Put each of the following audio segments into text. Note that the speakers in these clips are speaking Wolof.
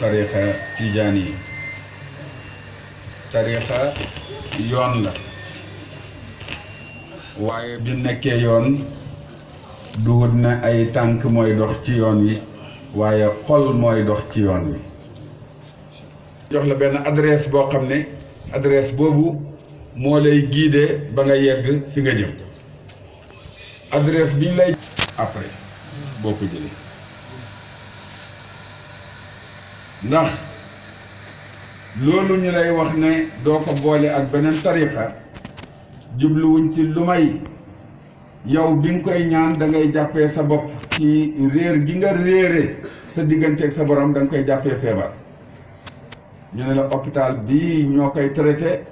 tarixa tijaan yi tarixa yoon la waaye bi nekkee yoon duwut na ay tànk mooy dox ci yoon yi waaye xol mooy dox ci yoon wi jox la benn adresse boo xam ne adres boobu moo lay guider ba nga yegg fi nga jëm adresse biñ lay après boo ko jëlee ndax loolu ñu lay wax ne doo ko boole ak beneen tariqa jubluwuñ ci lu may yow bi nga koy ñaan dangay ngay jàppee sa bopp ci réer gi nga réere sa digganteeg sa boroom da koy jàppee feebar ñu ne la hôpital bii ñoo koy traité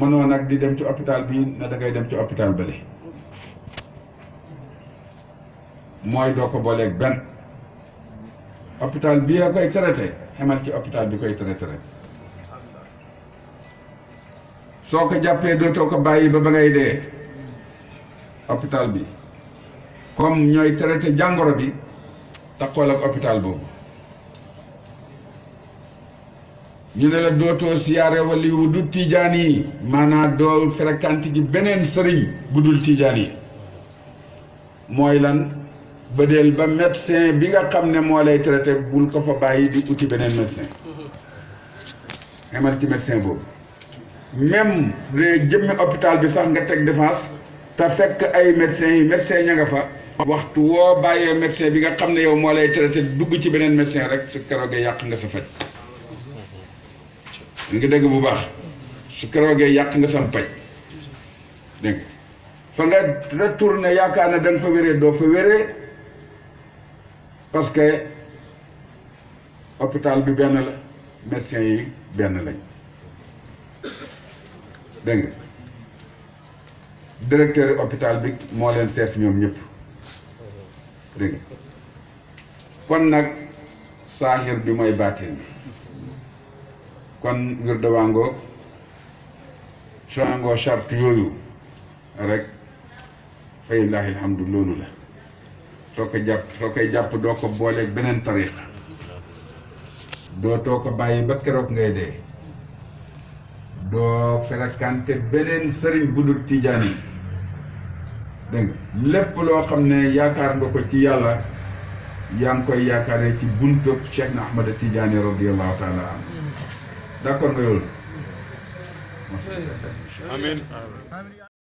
mënoo nag di dem ci hôpital bii ne da dem ci hôpital bële mooy doo ko booleeg benn hôpital bii a koy traité xemal ci hôpital di koy traité rek soo ko jàppee dootoo ko bàyyi ba ba ngay dee hôpital bi comme ñooy traité jàngoro bi takkool ak hôpital boobu ñu ne la dootoo siyaare wali wu dul tiijaan yi maanaam doo gi beneen sëriñ bu dul tiijaan yi mooy lan bëdeel ba médecin bi nga xam ne moo lay traité bul ko fa bàyyi di uti beneen médecin emal ci médecin boobu même les jëmmi hôpital bi sax nga teg défense te fekk ay médecin yi médecin ña nga fa waxtu woo bàyyee médecin bi nga xam ne yow moo lay traité dugg ci beneen médecin rek su keroogee yàq nga sa faj nga dégg bu baax su keroogee yàq nga sam paj dégg fa nga retourné yaakaar ne da fa wéree doo fa wéree parce que hôpital bi benn la médecin yi benn lañ dégg nga directeur hôpital bi moo leen seet ñoom ñëpp dégg kon nag saaxir bi mooy baatin kon ngir dawangoo coangoo charte yooyu rek fa illaahi alhamdu loolu la soo ko jàpp soo koy jàpp doo ko booleek beneen tariq too ko bàyyi ba keroog ngay dee doo fréquenté beneen sëriñ bu dul tijaan lépp loo xam ne yaakaar nga ko ci yàlla yaa ngi koy yaakaaree ci buntu Cheikh na Ahmada Tidiane radiyallahu taala an d'accord nga loolu amiin